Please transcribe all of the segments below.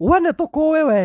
wene nä tå kå ä we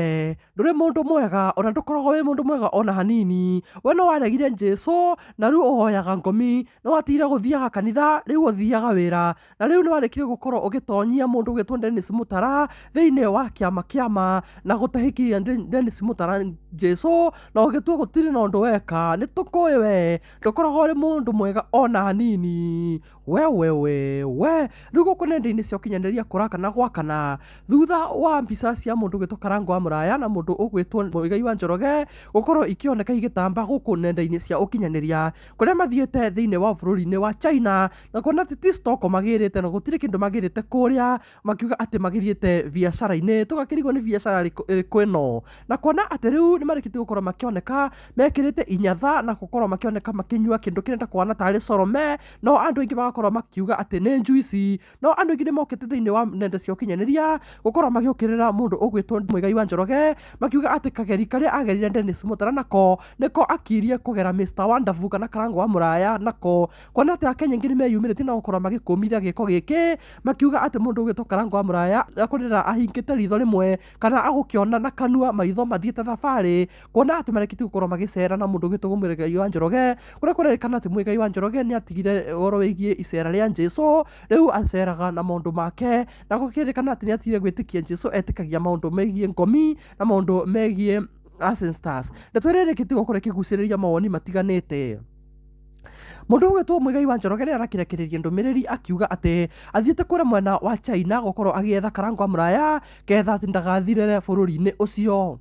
ndå rä må ndå mwega ona ndå koragwo wä må ndå mwega ona hanini we no waregire jesu na rä u å hoyaga ngomi nä watigire gå thiaga kanitha rä u å thiaga wä ra na rä u nä warekire gå korwo å gä tonyia må ndå å gä two denis må tara thä inä wa kä ama kä ama na gå tahä kiria denis må tara jesu na å gä tua gå tirä na å ndå weka nä tå kå we ndå koragwo rä må ndå mwega ona hanini we we we we rä u gå kå nenda-inä cia å kinyanä ria kå rakana gwakana thutha wa mbica cia mundu ugitwo karango wa muraya na mundu ugwitwo muigai wa njoroge gukorwo ikioneka igitamba guku nenda-ini cia ukinyaniria kuria mathiite thiini wa bururi-ini wa China na kuona ati ti stoko magirite na gutire kindu magirite kuria makiuga ati magiriite biacara-ini tugakirigwo ni biacara iriku ino na kuona ati riu ni marikitie gukorwo makioneka mekirite inyatha na gukorwo makioneka makinyua kindu kirenda kuona tari corome no andu aingi magakorwo makiuga ati ni njuici no andu aingi ni mokite thiini wa nenda cia ukinyaniria gukorwo magiukirira mundu mundu ugwitwo muigai wa njoroge makiuga ati kageri kare agerire denis mutara nako niko akirie kugera mr Wonderful kana karango wa muraya nako kuona atä akenya ngiri me yumire tina na gukorwo giko giki makiuga ati mundu ndå karango wa muraya akurira ahingä ritho rimwe kana agukiona na kanua maitho mathiete thabari thabarä kuona marekiti gå magicera na mundu ndå å gwä wa njoroge kå rä a kå rerikana atä wa njoroge ni atigire goro wä giä icera rä a njä rä u aceraga na maå make na gå kä rä kana atä nä atigire gwä tä kia njä maundu megiä ngomi na maundu megiä Asen Stars ndatwerereketie gokorwo kigucereria mawoni matiganete mundu ugetwo muigai wa njoroge ni arakirekereria ndumiriri akiuga ati athiete kure mwena wa China gokorwo agietha karango amuraya ketha ati ndagathirire bururi-ini ucio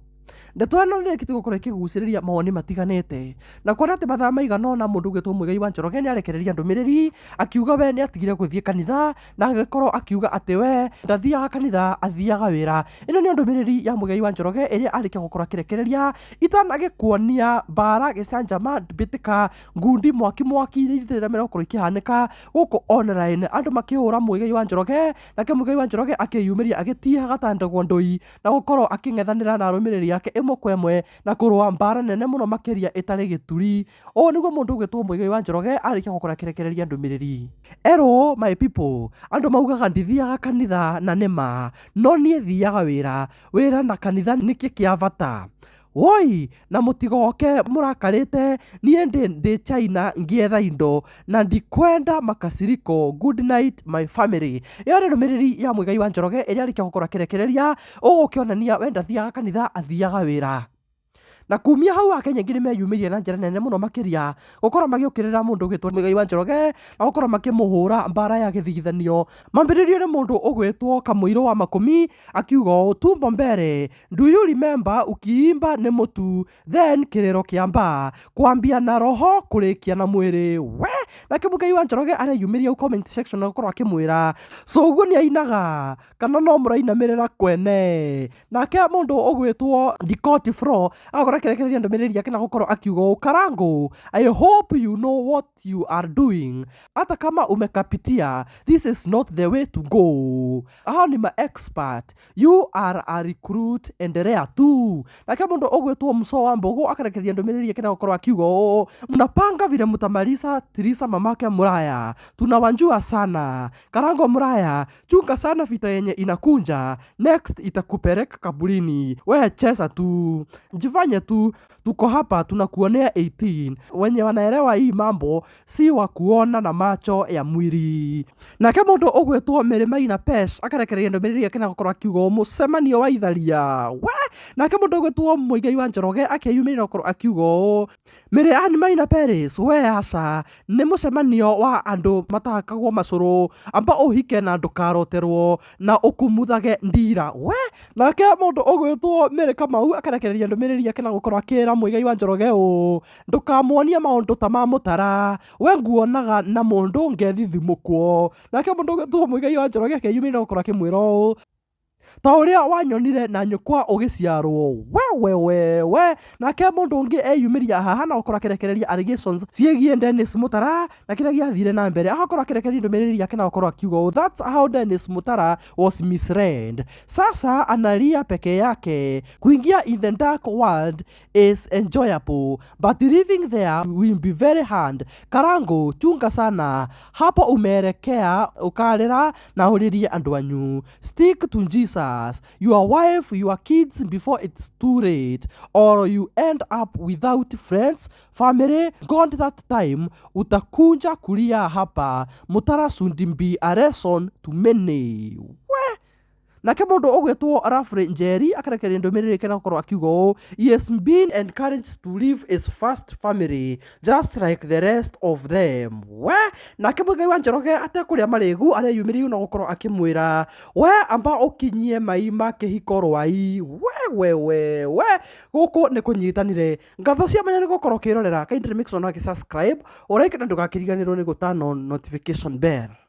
ndeto ĩno nĩ ĩgĩtigũkorwo ĩkĩgucĩrĩria mawoni matiganĩte na kuona atĩ mathaa maigana ũna mũndũ ũgĩtwo mũigai wa njoroge nĩ arekereria ndũmĩrĩri akiuga we nĩ atigire gũthiĩ kanitha na agĩkorwo akiuga atĩ we ndathiaga kanitha athiaga wĩra ĩno nĩ ndũmĩrĩri ya mũigai wa njoroge ĩrĩa arĩkia gũkorwo akĩrekereria itanagĩkuonia mbara gĩcanjama mbĩtĩka ngundi mwaki mwaki iria ithĩramĩra gũkorwo ikĩhanĩka gũkũ online andũ makĩhũra mũigai wa njoroge nake mũigai wa njoroge akĩyumĩria agĩtihaga ta na gũkorwo akĩng'ethanĩra na arũmĩrĩri yake ĩmwe kwa ĩmwe na kũrũa mbara nene mũno makĩria ĩtarĩ gĩturi ũũ nĩguo mũndũ ũgwĩtwo Mũigai wa Njoroge arĩkia gũkora kĩrekereria ndũmĩrĩri erũ my people andũ maugaga ndithiaga kanitha na nĩma no niĩ thiaga wĩra wĩra na kanitha nĩkĩ kĩa bata woi na mutigoke murakarite nie ndi China ngietha indo na ndikwenda makasiriko good night my family yo nä ndå ya mwigai wa njoroge ä rä a arä kia gå korwo akä rekereria å gå kä onania wenda thiaga kanitha athiaga wä ra na kumia hau akenya aingä nä na njä nene muno makiria makä magiukirira mundu korwo migai wa njoroge na gå makimuhura mbara ya githithanio mambiririo ni mundu rio kamuiro wa makumi akiuga å tu mbombere do you remember ukiimba ni mutu then kirero kiamba ro kwambia na roho kurikia na mwiri we na kimugai wa njoroge areyumä u comment section na gå korwo so ugu ni ainaga kana no må rainamä kwene nake må ndå å dikoti fro agakorwo gakora kirekereria ndumiriri yake na gukorwo akiuga ukarangu i hope you know what you are doing ata kama umekapitia this is not the way to go aha ni ma expert you are a recruit and endelea tu nake mundu ugwitwo mso wa mbugu akarekereria ndumiriri yake na gukorwo akiuga mnapanga vile mutamalisa tirisa mamake muraya tunawanjua sana karango muraya chunga sana vita yenye inakunja next itakupeleka kaburini wehe chesa tu jifanye tu tuko hapa tunakuonea 18 wenye wanaelewa hii mambo si wa kuona na macho ya mwiri nake mundu ugwitwo mirimaina pes akarekereria ndomiriri yake na gukorwo akiuga mucemanio wa itharia we nake mundu ugwitwo muigai wa njoroge akiyumirira gukorwo akiuga uu miri animaina ah, peris we aca ni mucemanio wa andu matahakagwo macuru amba uhike na ndukaroterwo na ukumuthage ndira we na nake mundu ugwitwo miri kamau akarekereria ndomiriri yake na gukorwo akira muigai wa njoroge u ndukamuonie maundu ta ma mutara we nguonaga na mundu ngethithimukwo nake mundu tu muigai wa njoroge akeyumĩrĩra gukorwo akĩmwĩra ũũ ta uria wanyonire na nyukwa ugiciarwo we we we nake mundu ungi eyumiria haha na ukora kirekereria allegations ciegie Dennis Mutara na kiria athire na mbere agakorwo akirekereria ndumiriri yake na ukorwo akiuga oh, that's how Dennis Mutara was misread sasa analia peke yake kuingia in the dark world is enjoyable but living there will be very hard karango chunga sana hapo umeelekea ukalira na uririe andu anyu stick to Jesus Jesus, your wife, your kids before it's too late, or you end up without friends, family. God that time utakunja kulia hapa, mutara shouldn't a lesson to many nake må ndå å gwä rafre njeri akarekeria ndå mä rä rä ke na gå korwo akiuga å he has to live is first family just like the rest of them we nake må wa njoroge atekå rä a marä gu areyumä rä na gå korwo akä mwä ra we amba å kinyie mai ma kä hiko rwai wewewewe we gå kå nä kå nyitanire ngatho cia manya nä gå korwo kä rorera kaindrä mä kä å rä a kä å rä ndå gakä riganä rwo nä gå tano notification bell